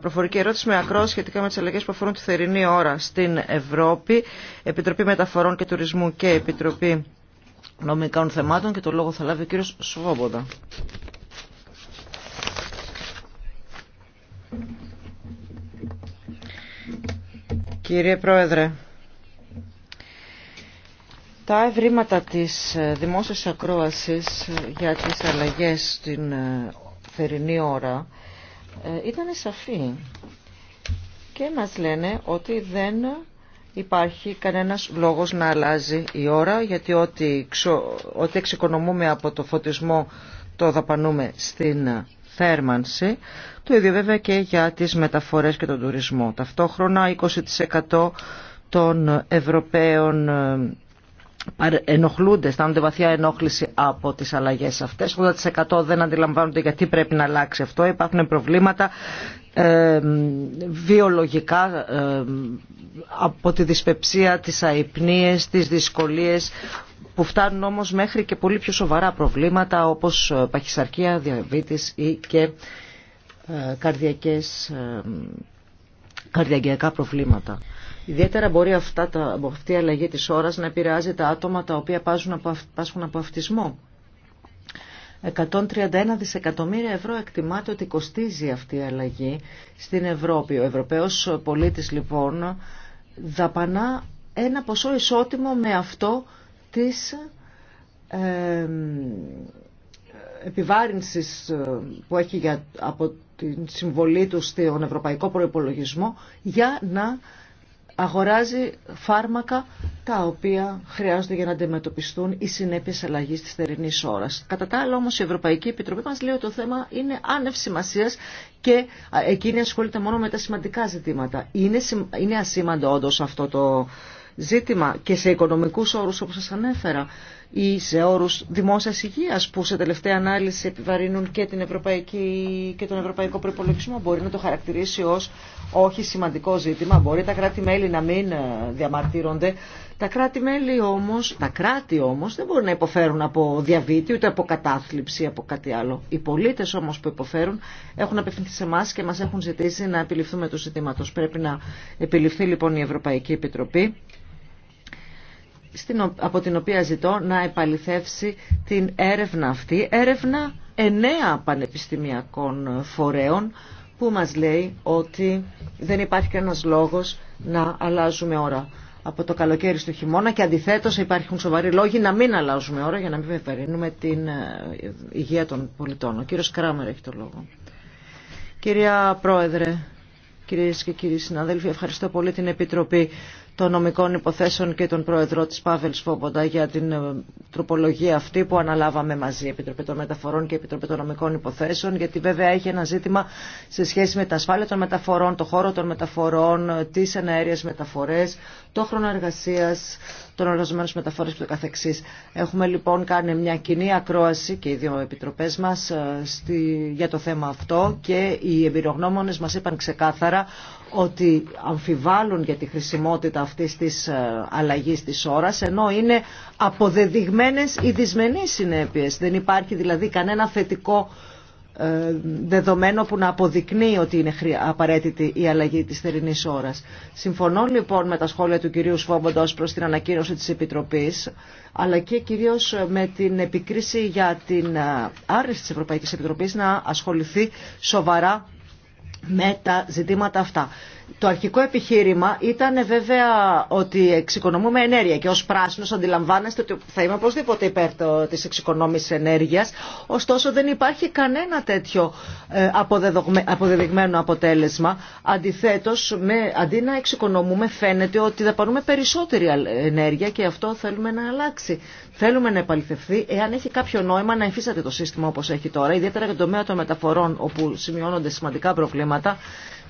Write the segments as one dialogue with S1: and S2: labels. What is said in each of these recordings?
S1: προφορική ερώτηση με ακρό σχετικά με τι αλλαγέ που αφορούν τη θερινή ώρα στην Ευρώπη. Επιτροπή Μεταφορών και Τουρισμού και Επιτροπή Νομικών Θεμάτων και το λόγο θα λάβει ο κύριο Σβόμποντα. Κύριε Πρόεδρε, τα ευρήματα της δημόσιας ακρόασης για τις αλλαγές στην ε, θερινή ώρα ε, ήταν σαφή και μας λένε ότι δεν υπάρχει κανένας λόγος να αλλάζει η ώρα γιατί ό,τι, εξοικονομούμε από το φωτισμό το δαπανούμε στην θέρμανση. Το ίδιο βέβαια και για τις μεταφορές και τον τουρισμό. Ταυτόχρονα 20% των Ευρωπαίων ε, ενοχλούνται, αισθάνονται βαθιά ενόχληση από τις αλλαγές αυτές. 80% δεν αντιλαμβάνονται γιατί πρέπει να αλλάξει αυτό. Υπάρχουν προβλήματα ε, βιολογικά ε, από τη δυσπεψία, τις αϊπνίες, τις δυσκολίες που φτάνουν όμως μέχρι και πολύ πιο σοβαρά προβλήματα όπως ε, παχυσαρκία, διαβήτης ή και καρδιακές, προβλήματα. Ιδιαίτερα μπορεί αυτά τα, αυτή η αλλαγή της ώρας να επηρεάζει τα άτομα τα οποία πάσχουν από αυτισμό. 131 δισεκατομμύρια ευρώ εκτιμάται ότι κοστίζει αυτή η αλλαγή στην Ευρώπη. Ο Ευρωπαίος πολίτης λοιπόν δαπανά ένα ποσό ισότιμο με αυτό της ε, επιβάρυνσης που έχει για, από την συμβολή του στον ευρωπαϊκό προϋπολογισμό για να αγοράζει φάρμακα τα οποία χρειάζονται για να αντιμετωπιστούν οι συνέπειε αλλαγή τη θερινή ώρα. Κατά τα άλλα, όμω, η Ευρωπαϊκή Επιτροπή μα λέει ότι το θέμα είναι άνευ σημασία και εκείνη ασχολείται μόνο με τα σημαντικά ζητήματα. Είναι, είναι ασήμαντο όντω αυτό το ζήτημα και σε οικονομικού όρου, όπω σα ανέφερα ή σε όρους δημόσιας υγείας που σε τελευταία ανάλυση επιβαρύνουν και, την Ευρωπαϊκή, και τον Ευρωπαϊκό Προπολογισμό μπορεί να το χαρακτηρίσει ως όχι σημαντικό ζήτημα, μπορεί τα κράτη-μέλη να μην ε, διαμαρτύρονται. Τα κράτη-μέλη όμως, τα κράτη όμως δεν μπορούν να υποφέρουν από διαβήτη ούτε από κατάθλιψη από κάτι άλλο. Οι πολίτες όμως που υποφέρουν έχουν απευθυνθεί σε εμά και μας έχουν ζητήσει να επιληφθούμε του ζητήματος. Πρέπει να επιληφθεί λοιπόν η Ευρωπαϊκή Επιτροπή από την οποία ζητώ να επαληθεύσει την έρευνα αυτή, έρευνα εννέα πανεπιστημιακών φορέων που μας λέει ότι δεν υπάρχει κανένας λόγος να αλλάζουμε ώρα από το καλοκαίρι στο χειμώνα και αντιθέτως υπάρχουν σοβαροί λόγοι να μην αλλάζουμε ώρα για να μην βεβαρύνουμε την ε, υγεία των πολιτών. Ο κύριος Κράμερ έχει το λόγο. Κυρία Πρόεδρε, κυρίες και κύριοι συναδέλφοι, ευχαριστώ πολύ την Επιτροπή των νομικών υποθέσεων και τον πρόεδρο της Πάβελ Σφόμποντα για την ε, τροπολογία αυτή που αναλάβαμε μαζί, Επιτροπή των Μεταφορών και Επιτροπή των Νομικών Υποθέσεων, γιατί βέβαια έχει ένα ζήτημα σε σχέση με τα ασφάλεια των μεταφορών, το χώρο των μεταφορών, ε, τις εναέριες μεταφορές, το χρόνο εργασίας, των εργαζομένων μεταφορών και το καθεξής. Έχουμε λοιπόν κάνει μια κοινή ακρόαση και οι δύο επιτροπές μας ε, στη, για το θέμα αυτό και οι εμπειρογνώμονες μας είπαν ξεκάθαρα ότι αμφιβάλλουν για τη χρησιμότητα αυτής της ε, αλλαγής της ώρας, ενώ είναι αποδεδειγμένες οι δυσμενείς συνέπειες. Δεν υπάρχει δηλαδή κανένα θετικό ε, δεδομένο που να αποδεικνύει ότι είναι απαραίτητη η αλλαγή της θερινής ώρας. Συμφωνώ λοιπόν με τα σχόλια του κυρίου Σφόμποντα προς την ανακοίνωση της Επιτροπής, αλλά και κυρίως ε, με την επικρίση για την άρνηση της Ευρωπαϊκής Επιτροπής να ασχοληθεί σοβαρά με τα ζητήματα αυτά. Το αρχικό επιχείρημα ήταν βέβαια ότι εξοικονομούμε ενέργεια και ως πράσινος αντιλαμβάνεστε ότι θα είμαι οπωσδήποτε υπέρ της εξοικονόμησης ενέργειας. Ωστόσο δεν υπάρχει κανένα τέτοιο ε, αποδεδειγμένο αποτέλεσμα. Αντιθέτως, αντί να εξοικονομούμε φαίνεται ότι δαπανούμε περισσότερη ενέργεια και αυτό θέλουμε να αλλάξει. Θέλουμε να επαληθευθεί εάν έχει κάποιο νόημα να εμφύσατε το σύστημα όπως έχει τώρα, ιδιαίτερα για το τομέα των μεταφορών όπου σημειώνονται σημαντικά προβλήματα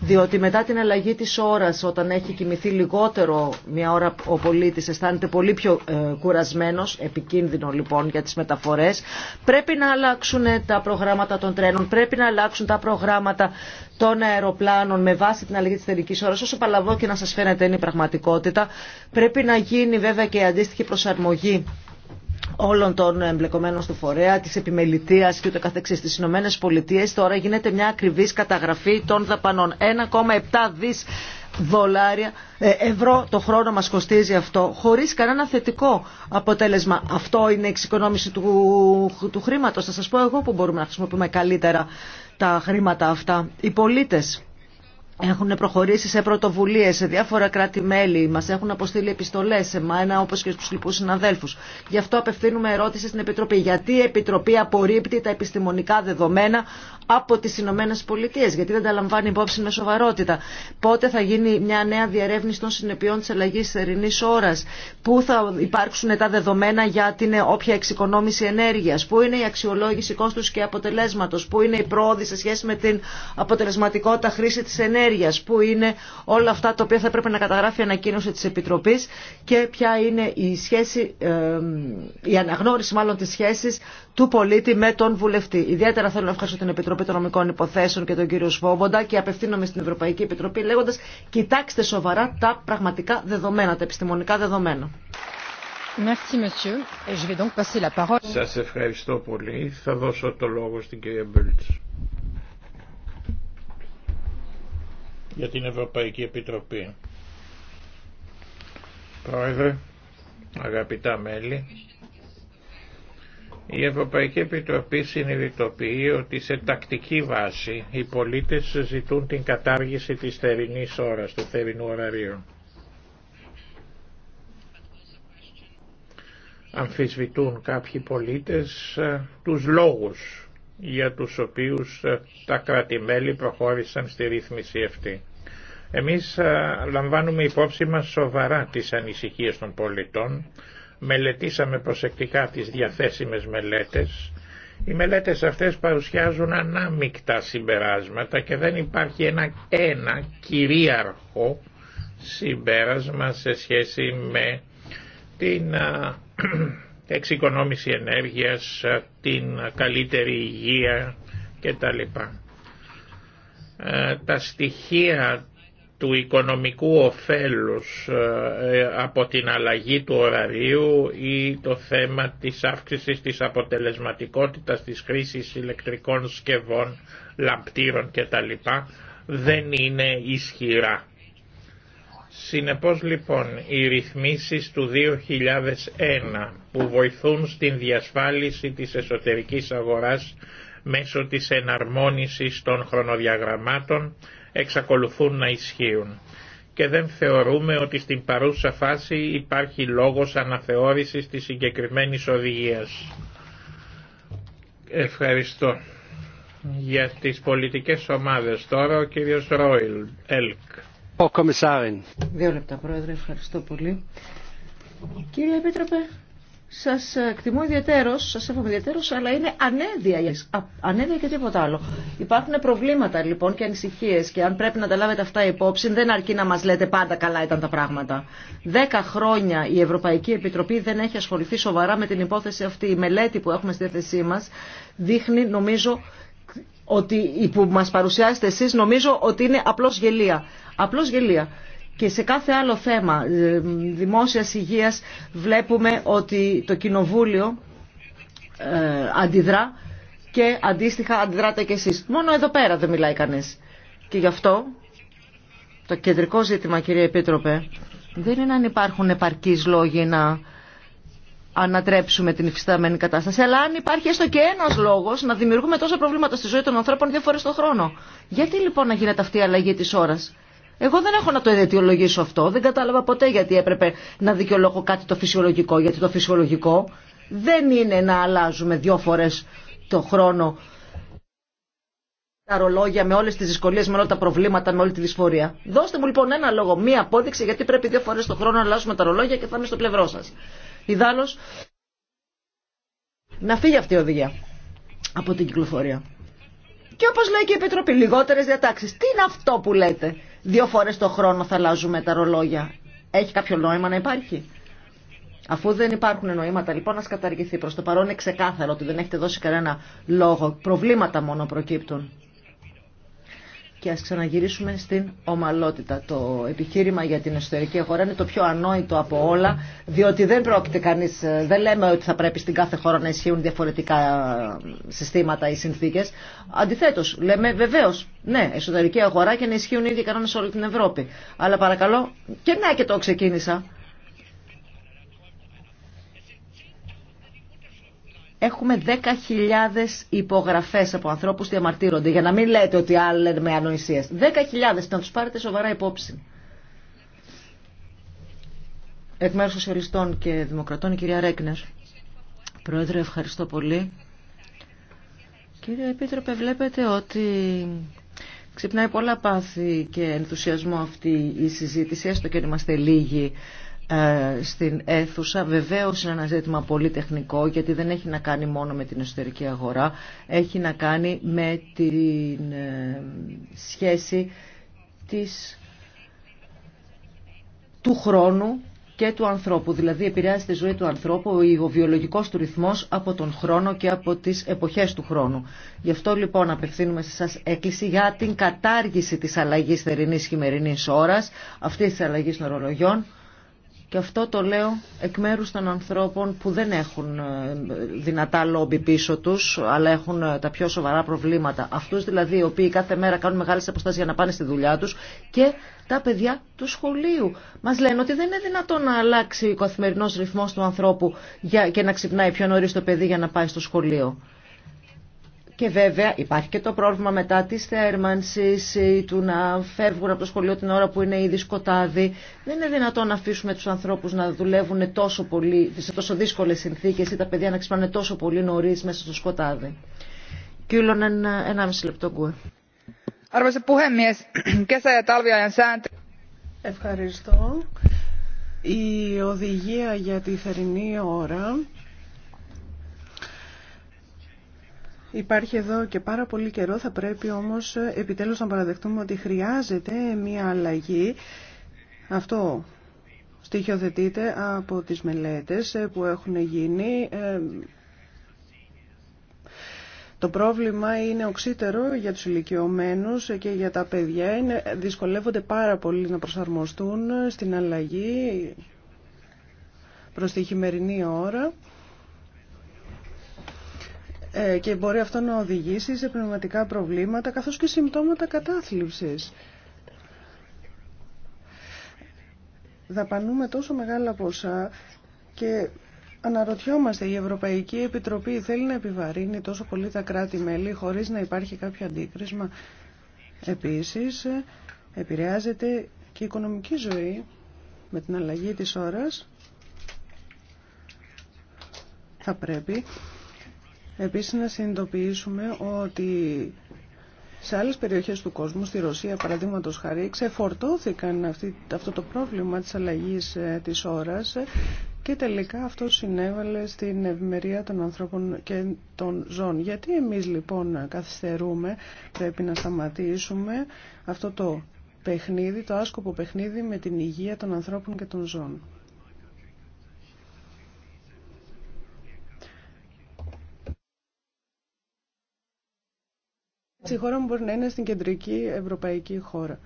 S1: διότι μετά την αλλαγή της ώρας, όταν έχει κοιμηθεί λιγότερο μια ώρα ο πολίτης, αισθάνεται πολύ πιο ε, κουρασμένος, επικίνδυνο λοιπόν για τις μεταφορές. Πρέπει να αλλάξουν ε, τα προγράμματα των τρένων, πρέπει να αλλάξουν τα προγράμματα των αεροπλάνων με βάση την αλλαγή της τελικής ώρας, όσο παλαβό και να σας φαίνεται είναι η πραγματικότητα. Πρέπει να γίνει βέβαια και η αντίστοιχη προσαρμογή όλων των εμπλεκομένων στο φορέα, της επιμελητίας και ούτε καθεξής στις Ηνωμένες Πολιτείες τώρα γίνεται μια ακριβής καταγραφή των δαπανών. 1,7 δις δολάρια, ε, ευρώ το χρόνο μας κοστίζει αυτό, χωρίς κανένα θετικό αποτέλεσμα. Αυτό είναι η εξοικονόμηση του, του χρήματος. Θα σας πω εγώ που μπορούμε να χρησιμοποιούμε καλύτερα τα χρήματα αυτά. Οι πολίτες έχουν προχωρήσει σε πρωτοβουλίε σε διάφορα κράτη-μέλη, μα έχουν αποστείλει επιστολέ σε μένα όπω και στου λοιπού συναδέλφου. Γι' αυτό απευθύνουμε ερώτηση στην Επιτροπή. Γιατί η Επιτροπή απορρίπτει τα επιστημονικά δεδομένα από τι Ηνωμένε Πολιτείε, γιατί δεν τα λαμβάνει υπόψη με σοβαρότητα. Πότε θα γίνει μια νέα διερεύνηση των συνεπειών τη αλλαγή ερηνή ώρα, πού θα υπάρξουν τα δεδομένα για την όποια εξοικονόμηση ενέργεια, πού είναι η αξιολόγηση κόστου και αποτελέσματο, πού είναι η πρόοδη σε σχέση με την αποτελεσματικότητα χρήση τη ενέργεια που είναι όλα αυτά τα οποία θα πρέπει να καταγράφει η ανακοίνωση της Επιτροπής και ποια είναι η, σχέση, η αναγνώριση μάλλον της σχέσης του πολίτη με τον βουλευτή. Ιδιαίτερα θέλω να ευχαριστώ την Επιτροπή των Νομικών Υποθέσεων και τον κύριο Σβόμποντα και απευθύνομαι στην Ευρωπαϊκή Επιτροπή λέγοντας κοιτάξτε σοβαρά τα πραγματικά δεδομένα, τα επιστημονικά δεδομένα.
S2: Σας ευχαριστώ πολύ. Θα δώσω το λόγο στην κυρία Μπέλτς. για την Ευρωπαϊκή Επιτροπή. Πρόεδρε, αγαπητά μέλη, η Ευρωπαϊκή Επιτροπή συνειδητοποιεί ότι σε τακτική βάση οι πολίτες ζητούν την κατάργηση της θερινής ώρας, του θερινού ωραρίου. Αμφισβητούν κάποιοι πολίτες ε, τους λόγους για τους οποίους ε, τα κρατημέλη προχώρησαν στη ρύθμιση αυτή. Εμείς λαμβάνουμε υπόψη μας σοβαρά τις ανησυχίες των πολιτών, μελετήσαμε προσεκτικά τις διαθέσιμες μελέτες. Οι μελέτες αυτές παρουσιάζουν ανάμεικτα συμπεράσματα και δεν υπάρχει ένα, ένα κυρίαρχο συμπέρασμα σε σχέση με την εξοικονόμηση ενέργειας, την καλύτερη υγεία κτλ. Ε, τα στοιχεία του οικονομικού ωφέλους ε, ε, από την αλλαγή του ωραρίου ή το θέμα της αύξησης της αποτελεσματικότητας της χρήσης ηλεκτρικών σκευών, λαμπτήρων κτλ. δεν είναι ισχυρά. Συνεπώς λοιπόν οι ρυθμίσεις του 2001 που βοηθούν στην διασφάλιση της εσωτερικής αγοράς μέσω της εναρμόνισης των χρονοδιαγραμμάτων εξακολουθούν να ισχύουν και δεν θεωρούμε ότι στην παρούσα φάση υπάρχει λόγος αναθεώρησης της συγκεκριμένης οδηγίας. Ευχαριστώ. Για τις πολιτικές ομάδες τώρα ο κύριος Ρόιλ, ΕΛΚ. Ο
S1: Δύο λεπτά πρόεδρε, ευχαριστώ πολύ. Κύριε Επίτροπε, Σα εκτιμώ ιδιαίτερος, σα εύχομαι ιδιαίτερος, αλλά είναι ανέδεια, ανέδεια και τίποτα άλλο. Υπάρχουν προβλήματα λοιπόν και ανησυχίε, και αν πρέπει να τα λάβετε αυτά υπόψη δεν αρκεί να μα λέτε πάντα καλά ήταν τα πράγματα. Δέκα χρόνια η Ευρωπαϊκή Επιτροπή δεν έχει ασχοληθεί σοβαρά με την υπόθεση αυτή. Η μελέτη που έχουμε στη διάθεσή μα δείχνει νομίζω ότι που μας παρουσιάσετε εσεί νομίζω ότι είναι απλώ γελία. Απλώς γελία και σε κάθε άλλο θέμα ε, δημόσιας υγείας βλέπουμε ότι το Κοινοβούλιο ε, αντιδρά και αντίστοιχα αντιδράτε και εσείς. Μόνο εδώ πέρα δεν μιλάει κανείς. Και γι' αυτό το κεντρικό ζήτημα κύριε Επίτροπε δεν είναι αν υπάρχουν επαρκείς λόγοι να ανατρέψουμε την υφιστάμενη κατάσταση, αλλά αν υπάρχει έστω και ένας λόγος να δημιουργούμε τόσα προβλήματα στη ζωή των ανθρώπων δύο φορές τον χρόνο. Γιατί λοιπόν να γίνεται αυτή η αλλαγή της ώρας. Εγώ δεν έχω να το αιτιολογήσω αυτό. Δεν κατάλαβα ποτέ γιατί έπρεπε να δικαιολογώ κάτι το φυσιολογικό. Γιατί το φυσιολογικό δεν είναι να αλλάζουμε δύο φορέ το χρόνο τα ρολόγια με όλε τι δυσκολίε με όλα τα προβλήματα, με όλη τη δυσφορία. Δώστε μου λοιπόν ένα λόγο, μία απόδειξη γιατί πρέπει δύο φορέ το χρόνο να αλλάζουμε τα ρολόγια και θα είμαι στο πλευρό σα. Ιδάλω. να φύγει αυτή η οδηγία από την κυκλοφορία. Και όπως λέει και η Επιτροπή, λιγότερες διατάξεις. Τι είναι αυτό που λέτε δύο φορές το χρόνο θα αλλάζουμε τα ρολόγια. Έχει κάποιο νόημα να υπάρχει. Αφού δεν υπάρχουν νοήματα, λοιπόν, να καταργηθεί. Προς το παρόν είναι ξεκάθαρο ότι δεν έχετε δώσει κανένα λόγο. Προβλήματα μόνο προκύπτουν και ας ξαναγυρίσουμε στην ομαλότητα. Το επιχείρημα για την εσωτερική αγορά είναι το πιο ανόητο από όλα, διότι δεν πρόκειται κανείς, ε, δεν λέμε ότι θα πρέπει στην κάθε χώρα να ισχύουν διαφορετικά ε, συστήματα ή συνθήκες. Αντιθέτως, λέμε βεβαίως, ναι, εσωτερική αγορά και να ισχύουν οι ίδιοι κανόνες σε όλη την Ευρώπη. Αλλά παρακαλώ, και να και το ξεκίνησα, Έχουμε 10.000 υπογραφέ από ανθρώπου που διαμαρτύρονται. Για να μην λέτε ότι άλλοι λένε με ανοησίε. 10.000 να του πάρετε σοβαρά υπόψη. Εκ μέρου Σοσιαλιστών και Δημοκρατών, η κυρία Ρέκνερ. Πρόεδρε, ευχαριστώ πολύ. Κύριε Επίτροπε, βλέπετε ότι ξυπνάει πολλά πάθη και ενθουσιασμό αυτή η συζήτηση, έστω και είμαστε λίγοι ε, στην αίθουσα. Βεβαίω είναι ένα ζήτημα πολύ τεχνικό γιατί δεν έχει να κάνει μόνο με την εσωτερική αγορά, έχει να κάνει με την ε, σχέση του χρόνου και του ανθρώπου. Δηλαδή επηρεάζει τη ζωή του ανθρώπου ο βιολογικός του ρυθμός από τον χρόνο και από τις εποχές του χρόνου. Γι' αυτό λοιπόν απευθύνουμε σε σας έκκληση για την κατάργηση της αλλαγής θερινής χειμερινής ώρας, αυτής της αλλαγής νορολογιών και αυτό το λέω εκ μέρου των ανθρώπων που δεν έχουν ε, δυνατά λόμπι πίσω του, αλλά έχουν ε, τα πιο σοβαρά προβλήματα. Αυτού δηλαδή οι οποίοι κάθε μέρα κάνουν μεγάλε αποστάσει για να πάνε στη δουλειά του και τα παιδιά του σχολείου. Μα λένε ότι δεν είναι δυνατόν να αλλάξει ο καθημερινό ρυθμό του ανθρώπου και να ξυπνάει πιο νωρί το παιδί για να πάει στο σχολείο. Και βέβαια υπάρχει και το πρόβλημα μετά τη θέρμανση ή του να φεύγουν από το σχολείο την ώρα που είναι ήδη σκοτάδι. Δεν είναι δυνατόν να αφήσουμε του ανθρώπου να δουλεύουν τόσο πολύ, σε τόσο δύσκολε συνθήκε ή τα παιδιά να ξυπνάνε τόσο πολύ νωρί μέσα στο σκοτάδι. Κύλων, ένα, ένα μισή λεπτό κουέ.
S3: Ευχαριστώ. Η οδηγία για τη θερινή ώρα Υπάρχει εδώ και πάρα πολύ καιρό, θα πρέπει όμως ε, επιτέλους να παραδεχτούμε ότι χρειάζεται μια αλλαγή. Αυτό στοιχειοθετείται από τις μελέτες ε, που έχουν γίνει. Ε, το πρόβλημα είναι οξύτερο για τους ηλικιωμένου και για τα παιδιά. Είναι, δυσκολεύονται πάρα πολύ να προσαρμοστούν στην αλλαγή προς τη χειμερινή ώρα. Ε, και μπορεί αυτό να οδηγήσει σε πνευματικά προβλήματα καθώς και συμπτώματα κατάθλιψης. Δαπανούμε τόσο μεγάλα ποσά και αναρωτιόμαστε η Ευρωπαϊκή Επιτροπή θέλει να επιβαρύνει τόσο πολύ τα κράτη-μέλη χωρίς να υπάρχει κάποιο αντίκρισμα. Επίσης, επηρεάζεται και η οικονομική ζωή με την αλλαγή της ώρας. Θα πρέπει Επίσης να συνειδητοποιήσουμε ότι σε άλλες περιοχές του κόσμου, στη Ρωσία παραδείγματος χάρη, ξεφορτώθηκαν αυτό το πρόβλημα της αλλαγής ε, της ώρας και τελικά αυτό συνέβαλε στην ευημερία των ανθρώπων και των ζώων. Γιατί εμείς λοιπόν καθυστερούμε, πρέπει να σταματήσουμε αυτό το παιχνίδι, το άσκοπο παιχνίδι με την υγεία των ανθρώπων και των ζώων. η χώρα μου μπορεί να είναι στην κεντρική ευρωπαϊκή χώρα.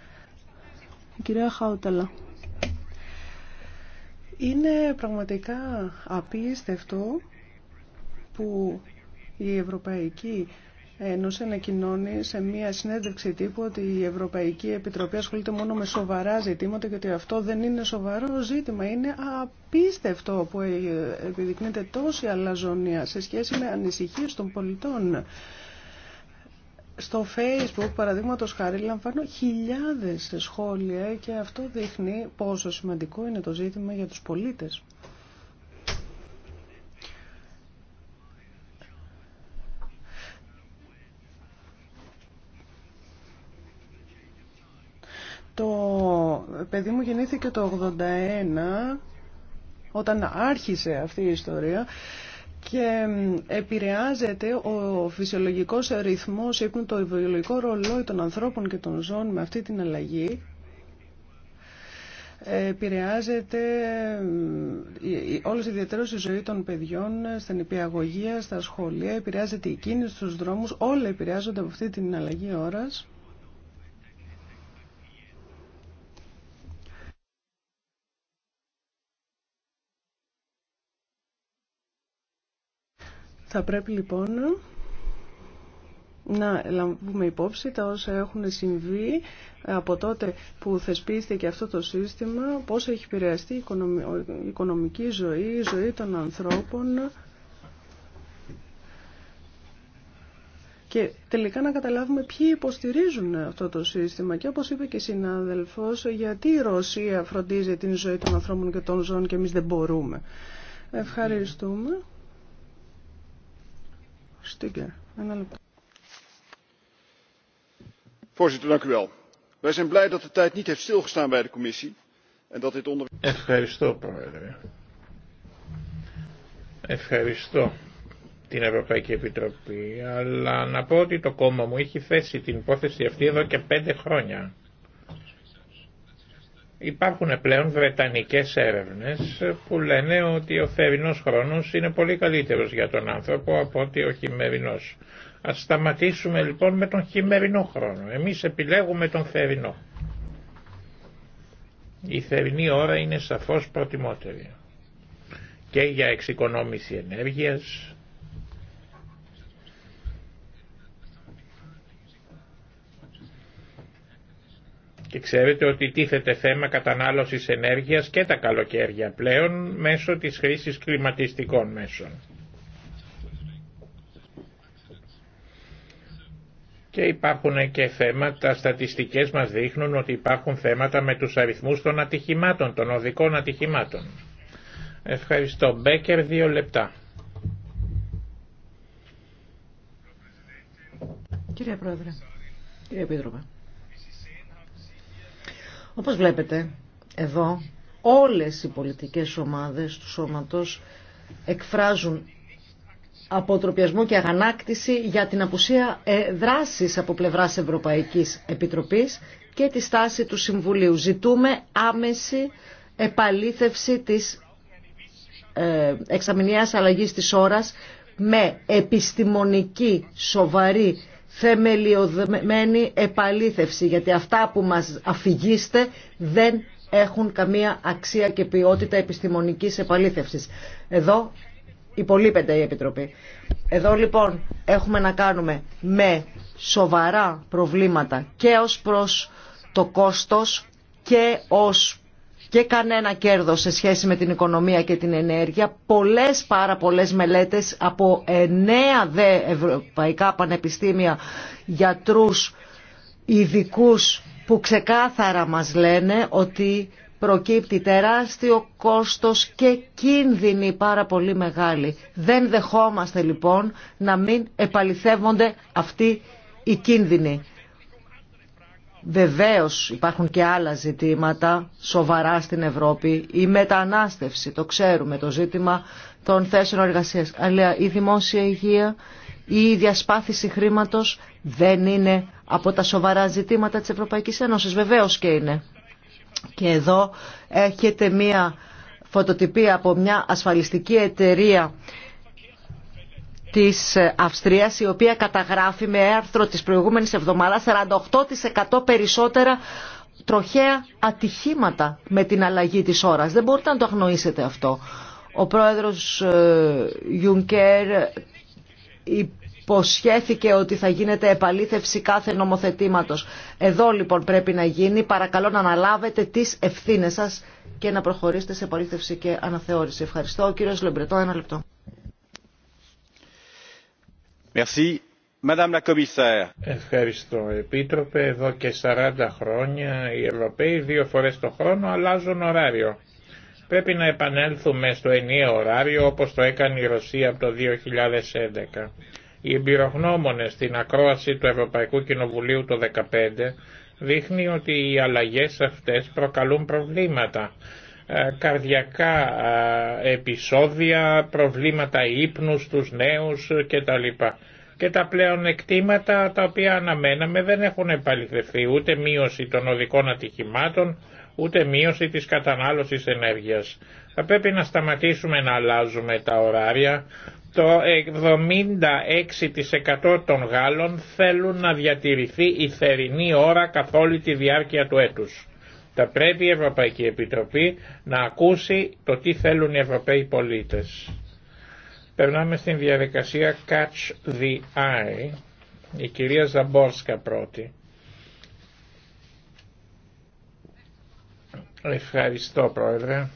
S3: κυρία Χάουταλα. Είναι πραγματικά απίστευτο που η Ευρωπαϊκή Ένωση ανακοινώνει σε μια συνέντευξη τύπου ότι η Ευρωπαϊκή Επιτροπή ασχολείται μόνο με σοβαρά ζητήματα και ότι αυτό δεν είναι σοβαρό ζήτημα. Είναι απίστευτο που ε, επιδεικνύεται τόση αλαζονία σε σχέση με ανησυχίες των πολιτών στο facebook παραδείγματο χάρη λαμβάνω χιλιάδες σχόλια και αυτό δείχνει πόσο σημαντικό είναι το ζήτημα για τους πολίτες. Το παιδί μου γεννήθηκε το 81 όταν άρχισε αυτή η ιστορία και επηρεάζεται ο φυσιολογικός ρυθμός ύπνου, το βιολογικό ρολόι των ανθρώπων και των ζώων με αυτή την αλλαγή επηρεάζεται όλος ιδιαίτερως η ζωή των παιδιών στην υπηαγωγία, στα σχολεία, επηρεάζεται η κίνηση στους δρόμους, όλα επηρεάζονται από αυτή την αλλαγή ώρας. Θα πρέπει λοιπόν να λαμβούμε υπόψη τα όσα έχουν συμβεί από τότε που θεσπίστηκε αυτό το σύστημα, πώς έχει επηρεαστεί η οικονομική ζωή, η ζωή των ανθρώπων και τελικά να καταλάβουμε ποιοι υποστηρίζουν αυτό το σύστημα και όπως είπε και η συνάδελφος γιατί η Ρωσία φροντίζει την ζωή των ανθρώπων και των ζώων και εμείς δεν μπορούμε. Ευχαριστούμε.
S2: Ευχαριστώ, Πρόεδρε. Ευχαριστώ την Ευρωπαϊκή Επιτροπή, αλλά να πω ότι το κόμμα μου έχει θέσει την υπόθεση αυτή εδώ και πέντε χρόνια. Υπάρχουν πλέον βρετανικές έρευνες που λένε ότι ο θερινός χρόνος είναι πολύ καλύτερος για τον άνθρωπο από ότι ο χειμερινός. Ας σταματήσουμε λοιπόν με τον χειμερινό χρόνο. Εμείς επιλέγουμε τον θερινό. Η θερινή ώρα είναι σαφώς προτιμότερη και για εξοικονόμηση ενέργειας Και ξέρετε ότι τίθεται θέμα κατανάλωσης ενέργειας και τα καλοκαίρια πλέον μέσω της χρήσης κλιματιστικών μέσων. Και υπάρχουν και θέματα, στατιστικές μας δείχνουν ότι υπάρχουν θέματα με τους αριθμούς των ατυχημάτων, των οδικών ατυχημάτων. Ευχαριστώ. Μπέκερ, δύο λεπτά.
S1: Κύριε Πρόεδρε, κύριε Επίτροπε. Όπως βλέπετε, εδώ όλες οι πολιτικές ομάδες του σώματος εκφράζουν αποτροπιασμό και αγανάκτηση για την απουσία ε, δράσης από πλευράς Ευρωπαϊκής Επιτροπής και τη στάση του Συμβουλίου. Ζητούμε άμεση επαλήθευση της ε, εξαμηνίας αλλαγής της ώρας με επιστημονική, σοβαρή θεμελιωδεμένη επαλήθευση, γιατί αυτά που μας αφηγείστε δεν έχουν καμία αξία και ποιότητα επιστημονικής επαλήθευσης. Εδώ υπολείπεται η Επιτροπή. Εδώ λοιπόν έχουμε να κάνουμε με σοβαρά προβλήματα και ως προς το κόστος και ως και κανένα κέρδος σε σχέση με την οικονομία και την ενέργεια. Πολλές πάρα πολλές μελέτες από εννέα δε ευρωπαϊκά πανεπιστήμια γιατρούς ειδικού που ξεκάθαρα μας λένε ότι προκύπτει τεράστιο κόστος και κίνδυνοι πάρα πολύ μεγάλη. Δεν δεχόμαστε λοιπόν να μην επαληθεύονται αυτοί οι κίνδυνοι. Βεβαίως υπάρχουν και άλλα ζητήματα σοβαρά στην Ευρώπη. Η μετανάστευση, το ξέρουμε, το ζήτημα των θέσεων εργασία. Αλλά η δημόσια υγεία, η διασπάθηση χρήματο δεν είναι από τα σοβαρά ζητήματα της Ευρωπαϊκής Ένωση. Βεβαίως και είναι. Και εδώ έχετε μία φωτοτυπία από μια ασφαλιστική εταιρεία της Αυστρίας η οποία καταγράφει με έρθρο της προηγούμενης εβδομάδας 48% περισσότερα τροχαία ατυχήματα με την αλλαγή της ώρας. Δεν μπορείτε να το αγνοήσετε αυτό. Ο πρόεδρος Γιουνκέρ ε, υποσχέθηκε ότι θα γίνεται επαλήθευση κάθε νομοθετήματος. Εδώ λοιπόν πρέπει να γίνει. Παρακαλώ να αναλάβετε τις ευθύνες σας και να προχωρήσετε σε επαλήθευση και αναθεώρηση. Ευχαριστώ. Ο κύριος Λεμπρετό, ένα λεπτό.
S2: Ευχαριστώ. Επίτροπε, εδώ και 40 χρόνια οι Ευρωπαίοι δύο φορές το χρόνο αλλάζουν ωράριο. Πρέπει να επανέλθουμε στο ενιαίο ωράριο όπως το έκανε η Ρωσία από το 2011. Οι εμπειρογνώμονε στην ακρόαση του Ευρωπαϊκού Κοινοβουλίου το 2015 δείχνει ότι οι αλλαγές αυτές προκαλούν προβλήματα ε, καρδιακά ε, επεισόδια, προβλήματα ύπνου στους νέους ε, κτλ. Και τα πλέον εκτήματα τα οποία αναμέναμε δεν έχουν επαληθευτεί ούτε μείωση των οδικών ατυχημάτων, ούτε μείωση της κατανάλωσης ενέργειας. Θα πρέπει να σταματήσουμε να αλλάζουμε τα ωράρια. Το 76% των Γάλλων θέλουν να διατηρηθεί η θερινή ώρα καθ' όλη τη διάρκεια του έτους. Θα πρέπει η Ευρωπαϊκή Επιτροπή να ακούσει το τι θέλουν οι Ευρωπαίοι πολίτες. Περνάμε στην διαδικασία Catch the Eye. Η κυρία Ζαμπόρσκα πρώτη. Ευχαριστώ πρόεδρε.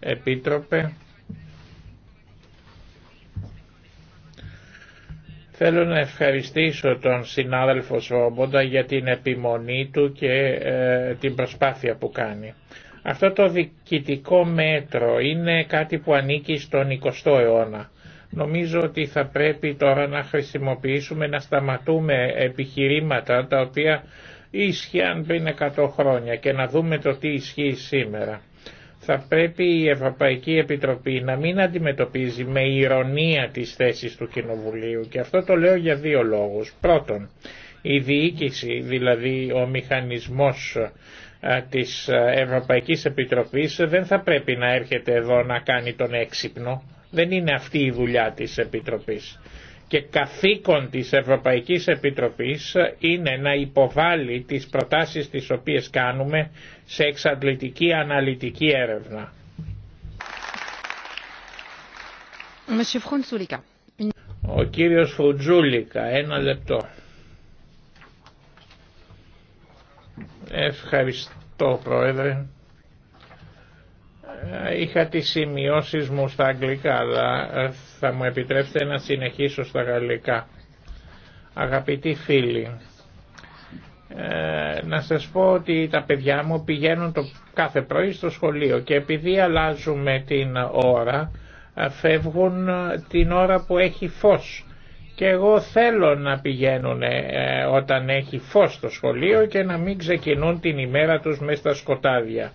S2: Επίτροπε. Θέλω να ευχαριστήσω τον συνάδελφο Σόμποντα για την επιμονή του και ε, την προσπάθεια που κάνει. Αυτό το διοικητικό μέτρο είναι κάτι που ανήκει στον 20ο αιώνα. Νομίζω ότι θα πρέπει τώρα να χρησιμοποιήσουμε, να σταματούμε επιχειρήματα τα οποία ίσχυαν πριν 100 χρόνια και να δούμε το τι ισχύει σήμερα θα πρέπει η Ευρωπαϊκή Επιτροπή να μην αντιμετωπίζει με ηρωνία τις θέσεις του Κοινοβουλίου και αυτό το λέω για δύο λόγους. Πρώτον, η διοίκηση, δηλαδή ο μηχανισμός της Ευρωπαϊκής Επιτροπής δεν θα πρέπει να έρχεται εδώ να κάνει τον έξυπνο. Δεν είναι αυτή η δουλειά της Επιτροπής και καθήκον της Ευρωπαϊκής Επιτροπής είναι να υποβάλει τις προτάσεις τις οποίες κάνουμε σε εξαντλητική αναλυτική έρευνα. Ο κύριος Φουτζούλικα, ένα λεπτό. Ευχαριστώ, Πρόεδρε. Είχα τις σημειώσεις μου στα αγγλικά, αλλά ε, θα μου επιτρέψετε να συνεχίσω στα γαλλικά. Αγαπητοί φίλοι, ε, να σας πω ότι τα παιδιά μου πηγαίνουν το κάθε πρωί στο σχολείο και επειδή αλλάζουμε την ώρα, ε, φεύγουν την ώρα που έχει φως. Και εγώ θέλω να πηγαίνουν όταν έχει φως στο σχολείο και να μην ξεκινούν την ημέρα τους μέσα στα σκοτάδια.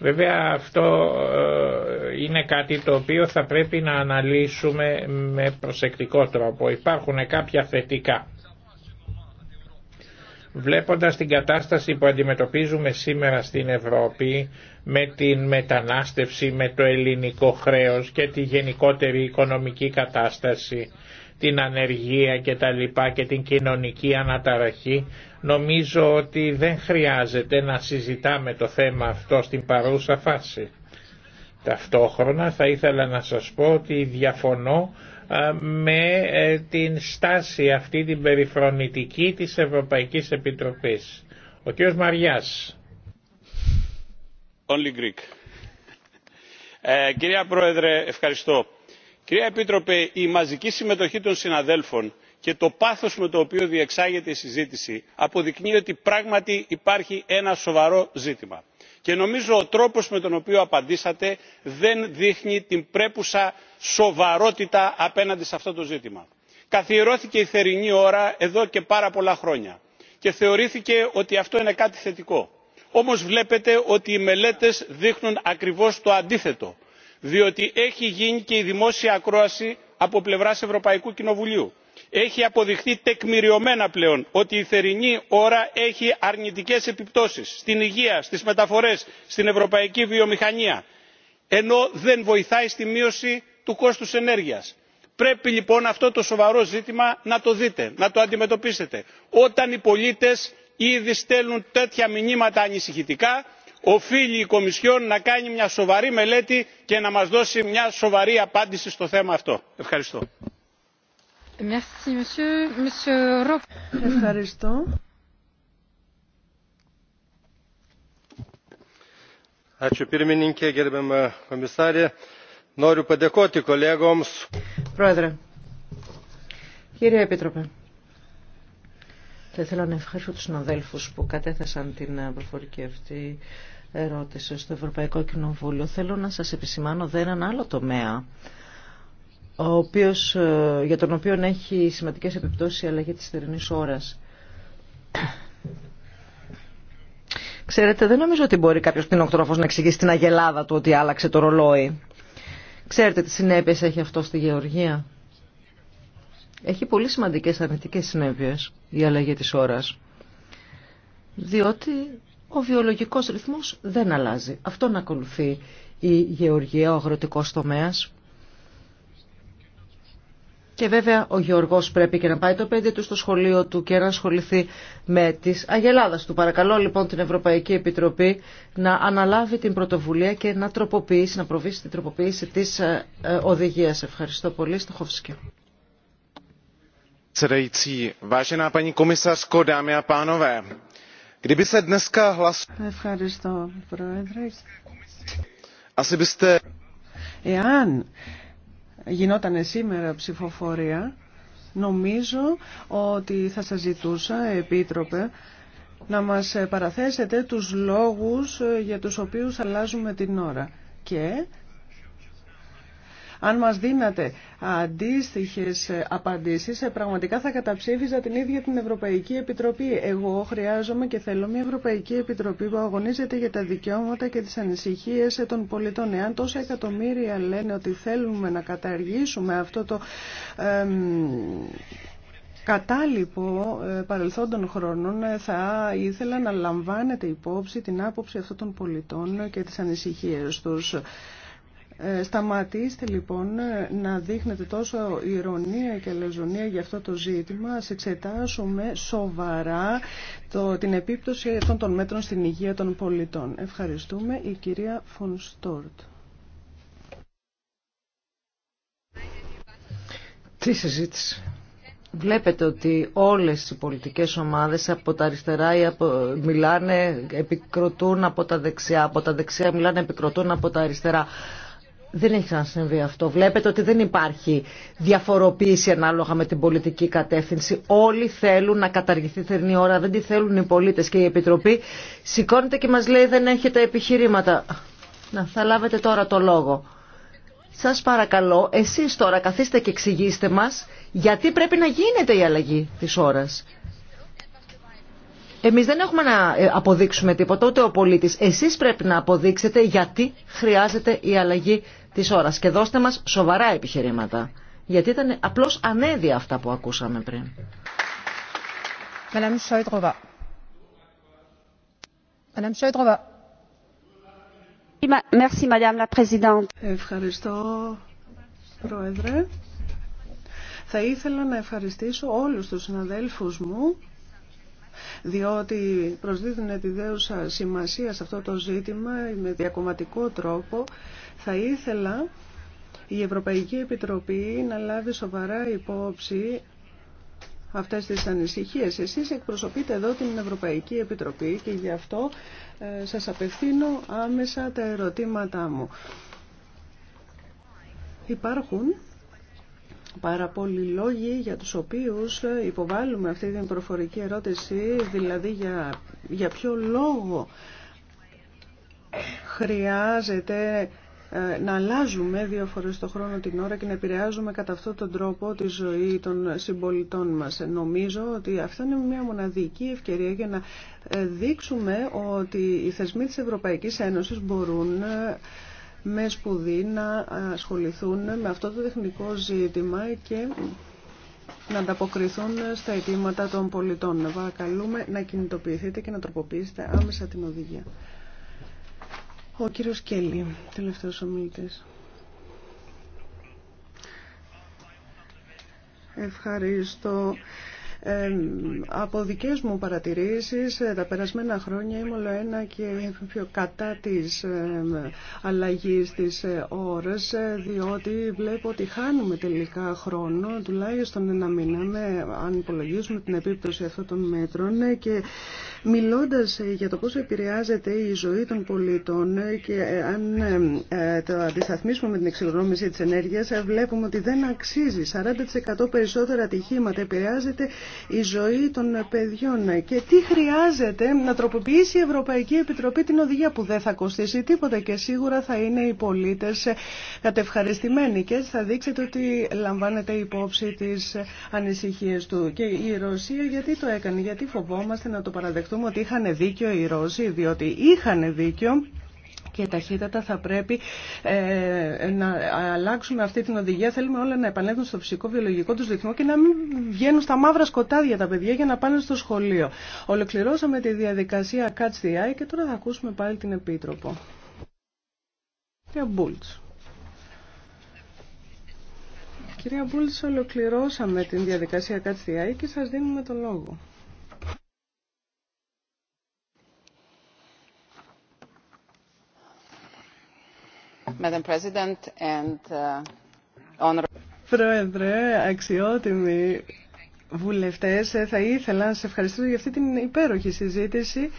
S2: Βέβαια αυτό ε, είναι κάτι το οποίο θα πρέπει να αναλύσουμε με προσεκτικό τρόπο. Υπάρχουν κάποια θετικά. Βλέποντας την κατάσταση που αντιμετωπίζουμε σήμερα στην Ευρώπη με την μετανάστευση, με το ελληνικό χρέος και τη γενικότερη οικονομική κατάσταση, την ανεργία και τα λοιπά και την κοινωνική αναταραχή Νομίζω ότι δεν χρειάζεται να συζητάμε το θέμα αυτό στην παρούσα φάση. Ταυτόχρονα θα ήθελα να σας πω ότι διαφωνώ με ε, την στάση αυτή την περιφρονητική της Ευρωπαϊκής Επιτροπής. Ο κ. Μαριάς.
S4: Only Greek. Ε, κυρία Πρόεδρε, ευχαριστώ. Κυρία Επίτροπε, η μαζική συμμετοχή των συναδέλφων και το πάθος με το οποίο διεξάγεται η συζήτηση αποδεικνύει ότι πράγματι υπάρχει ένα σοβαρό ζήτημα και νομίζω ο τρόπος με τον οποίο απαντήσατε δεν δείχνει την πρέπουσα σοβαρότητα απέναντι σε αυτό το ζήτημα. καθιερώθηκε η θερινή ώρα εδώ και πάρα πολλά χρόνια και θεωρήθηκε ότι αυτό είναι κάτι θετικό. όμως βλέπετε ότι οι μελέτες δείχνουν ακριβώς το αντίθετο διότι έχει γίνει και η δημόσια ακρόαση από πλευράς ευρωπαϊκού κοινοβουλίου έχει αποδειχθεί τεκμηριωμένα πλέον ότι η θερινή ώρα έχει αρνητικές επιπτώσεις στην υγεία στις μεταφορές στην ευρωπαϊκή βιομηχανία ενώ δεν βοηθάει στη μείωση του κόστους ενέργειας. πρέπει λοιπόν αυτό το σοβαρό ζήτημα να το δείτε να το αντιμετωπίσετε. όταν οι πολίτες ήδη στέλνουν τέτοια μηνύματα ανησυχητικά οφείλει η κομισιόν να κάνει μια σοβαρή μελέτη και να μας δώσει μια σοβαρή απάντηση στο θέμα αυτό. ευχαριστώ.
S3: Ευχαριστώ.
S1: Πρόεδρε, κύριε Επίτροπε, θα ήθελα να ευχαριστώ τους συναδέλφους που κατέθεσαν την προφορική αυτή ερώτηση στο Ευρωπαϊκό Κοινοβούλιο. Θέλω να σας επισημάνω δεν έναν άλλο τομέα ο οποίος, ε, για τον οποίο έχει σημαντικές επιπτώσεις η αλλαγή της θερινής ώρας. Ξέρετε, δεν νομίζω ότι μπορεί κάποιος πινοκτροφός να εξηγήσει την αγελάδα του ότι άλλαξε το ρολόι. Ξέρετε τι συνέπειες έχει αυτό στη γεωργία. Έχει πολύ σημαντικές αρνητικές συνέπειες η αλλαγή της ώρας. Διότι ο βιολογικός ρυθμός δεν αλλάζει. να ακολουθεί η γεωργία, ο αγροτικός τομέας. Και βέβαια ο Γιώργος πρέπει και να πάει το παιδί του στο σχολείο του και να ασχοληθεί με τις αγελάδες του. Παρακαλώ λοιπόν την Ευρωπαϊκή Επιτροπή να αναλάβει την πρωτοβουλία και να τροποποιήσει, να προβήσει την τροποποίηση της ε, ε, οδηγίας. Ευχαριστώ πολύ. Στοχოვσκή.
S4: Ευχαριστώ,
S3: Πρόεδρε. Εάν γινόταν σήμερα ψηφοφορία, νομίζω ότι θα σας ζητούσα, Επίτροπε, να μας παραθέσετε τους λόγους ε, για τους οποίους αλλάζουμε την ώρα. Και αν μας δίνατε αντίστοιχες απαντήσεις, ε, πραγματικά θα καταψήφιζα την ίδια την Ευρωπαϊκή Επιτροπή. Εγώ χρειάζομαι και θέλω μια Ευρωπαϊκή Επιτροπή που αγωνίζεται για τα δικαιώματα και τις ανησυχίες των πολιτών. Εάν τόσα εκατομμύρια λένε ότι θέλουμε να καταργήσουμε αυτό το... Εμ, κατάλοιπο ε, παρελθόντων χρόνων ε, θα ήθελα να λαμβάνετε υπόψη την άποψη αυτών των πολιτών και τις ανησυχίες τους σταματήστε λοιπόν να δείχνετε τόσο ηρωνία και λεζονία για αυτό το ζήτημα. Ας εξετάσουμε σοβαρά το, την επίπτωση αυτών των μέτρων στην υγεία των πολιτών. Ευχαριστούμε. Η κυρία Φων Τι συζήτηση.
S1: Βλέπετε ότι όλες οι πολιτικές ομάδες από τα αριστερά ή μιλάνε, επικροτούν από τα δεξιά, από τα δεξιά μιλάνε, επικροτούν από τα αριστερά δεν έχει ξανασυμβεί αυτό. Βλέπετε ότι δεν υπάρχει διαφοροποίηση ανάλογα με την πολιτική κατεύθυνση. Όλοι θέλουν να καταργηθεί θερινή ώρα, δεν τη θέλουν οι πολίτες και η Επιτροπή. Σηκώνεται και μας λέει δεν έχετε επιχειρήματα. Να, θα λάβετε τώρα το λόγο. Σας παρακαλώ, εσείς τώρα καθίστε και εξηγήστε μας γιατί πρέπει να γίνεται η αλλαγή της ώρας. Εμείς δεν έχουμε να ε, αποδείξουμε τίποτα, ούτε ο πολίτης. Εσείς πρέπει να αποδείξετε γιατί χρειάζεται η αλλαγή της ώρας. Και δώστε μας σοβαρά επιχειρήματα. Γιατί ήταν απλώς ανέδεια αυτά που ακούσαμε πριν.
S3: Ευχαριστώ, Πρόεδρε. Θα ήθελα να ευχαριστήσω όλους τους συναδέλφους μου διότι προσδίδουν τη δέουσα σημασία σε αυτό το ζήτημα με διακομματικό τρόπο. Θα ήθελα η Ευρωπαϊκή Επιτροπή να λάβει σοβαρά υπόψη αυτές τις ανησυχίες. Εσείς εκπροσωπείτε εδώ την Ευρωπαϊκή Επιτροπή και γι' αυτό ε, σας απευθύνω άμεσα τα ερωτήματά μου. Υπάρχουν πάρα πολλοί λόγοι για τους οποίους υποβάλλουμε αυτή την προφορική ερώτηση, δηλαδή για, για ποιο λόγο χρειάζεται ε, να αλλάζουμε δύο φορές το χρόνο την ώρα και να επηρεάζουμε κατά αυτόν τον τρόπο τη ζωή των συμπολιτών μας. Νομίζω ότι αυτό είναι μια μοναδική ευκαιρία για να ε, δείξουμε ότι οι θεσμοί της Ευρωπαϊκής Ένωσης μπορούν ε, με σπουδή να ασχοληθούν με αυτό το τεχνικό ζήτημα και να ανταποκριθούν στα αιτήματα των πολιτών. Να παρακαλούμε να κινητοποιηθείτε και να τροποποιήσετε άμεσα την οδηγία. Ο κύριος Κέλλη, τελευταίος ομιλητής. Ευχαριστώ από δικές μου παρατηρήσεις ε, τα περασμένα χρόνια είμαι όλο ένα και πιο κατά της αλλαγής της ε, ώρες ε, διότι βλέπω ότι χάνουμε τελικά χρόνο τουλάχιστον ένα μήνα αν υπολογίσουμε την επίπτωση αυτών των μέτρων και μιλώντας για το πώς επηρεάζεται η ζωή των πολιτών και αν το αντισταθμίσουμε με την εξοικονόμηση της ενέργειας βλέπουμε ότι δεν αξίζει 40% περισσότερα ατυχήματα επηρεάζεται η ζωή των παιδιών και τι χρειάζεται να τροποποιήσει η Ευρωπαϊκή Επιτροπή την οδηγία που δεν θα κοστίσει τίποτα και σίγουρα θα είναι οι πολίτες κατευχαριστημένοι και θα δείξετε ότι λαμβάνετε υπόψη τις ανησυχίες του. Και η Ρωσία γιατί το έκανε, γιατί φοβόμαστε να το παραδεχτούμε ότι είχαν δίκιο οι Ρώσοι, διότι είχαν δίκιο και ταχύτατα θα πρέπει ε, να αλλάξουμε αυτή την οδηγία. Θέλουμε όλα να επανέλθουν στο φυσικό βιολογικό του ρυθμό και να μην βγαίνουν στα μαύρα σκοτάδια τα παιδιά για να πάνε στο σχολείο. Ολοκληρώσαμε τη διαδικασία Catch the Eye και τώρα θα ακούσουμε πάλι την Επίτροπο. Κυρία Μπούλτς. Κυρία Μπούλτς, ολοκληρώσαμε την διαδικασία Catch the Eye και σας δίνουμε τον λόγο.
S4: Madam President and uh,
S3: Πρόεδρε, αξιότιμοι βουλευτές, θα ήθελα να σε ευχαριστήσω για αυτή την υπέροχη συζήτηση.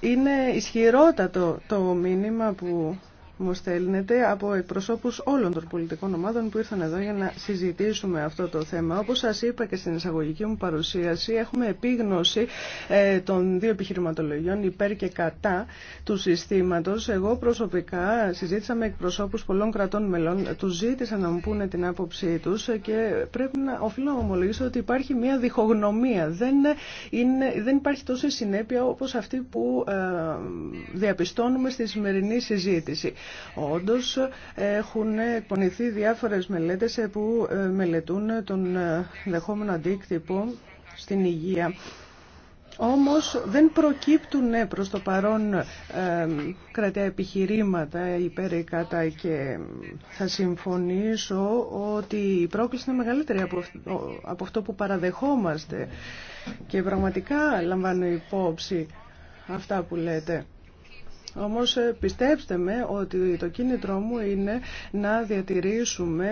S3: Είναι ισχυρότατο το μήνυμα που μου στέλνετε από εκπροσώπους όλων των πολιτικών ομάδων που ήρθαν εδώ για να συζητήσουμε αυτό το θέμα. Όπως σας είπα και στην εισαγωγική μου παρουσίαση, έχουμε επίγνωση ε, των δύο επιχειρηματολογιών υπέρ και κατά του συστήματος. Εγώ προσωπικά συζήτησα με εκπροσώπους πολλών κρατών μελών, τους ζήτησα να μου πούνε την άποψή τους και πρέπει να οφείλω να ομολογήσω ότι υπάρχει μια διχογνωμία. Δεν, είναι, δεν υπάρχει τόση συνέπεια όπως αυτή που ε, διαπιστώνουμε στη σημερινή συζήτηση. Όντως έχουν εκπονηθεί διάφορες μελέτες ε, που ε, μελετούν τον ε, δεχόμενο αντίκτυπο στην υγεία. Όμως δεν προκύπτουν προς το παρόν ε, επιχειρήματα υπέρ ή κατά και θα συμφωνήσω ότι η πρόκληση είναι μεγαλύτερη από, από αυτό που παραδεχόμαστε και πραγματικά λαμβάνω υπόψη αυτά που λέτε. Όμως ε, πιστέψτε με ότι το κίνητρό μου είναι να διατηρήσουμε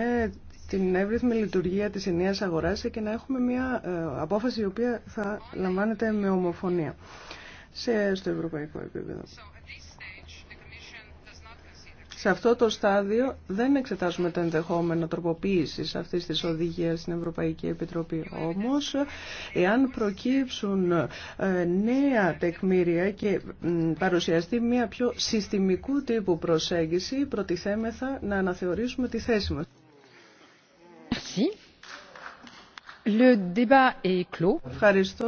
S3: την εύρυθμη λειτουργία της ενιαίας αγοράς και να έχουμε μια ε, απόφαση η οποία θα λαμβάνεται με ομοφωνία σε, στο ευρωπαϊκό επίπεδο. Σε αυτό το στάδιο δεν εξετάζουμε το ενδεχόμενο τροποποίησης αυτής της οδηγίας στην Ευρωπαϊκή Επιτροπή. Όμως, εάν προκύψουν ε, νέα τεκμήρια και παρουσιαστεί μια πιο συστημικού τύπου προσέγγιση, προτιθέμεθα να αναθεωρήσουμε τη θέση μας. Ευχαριστώ.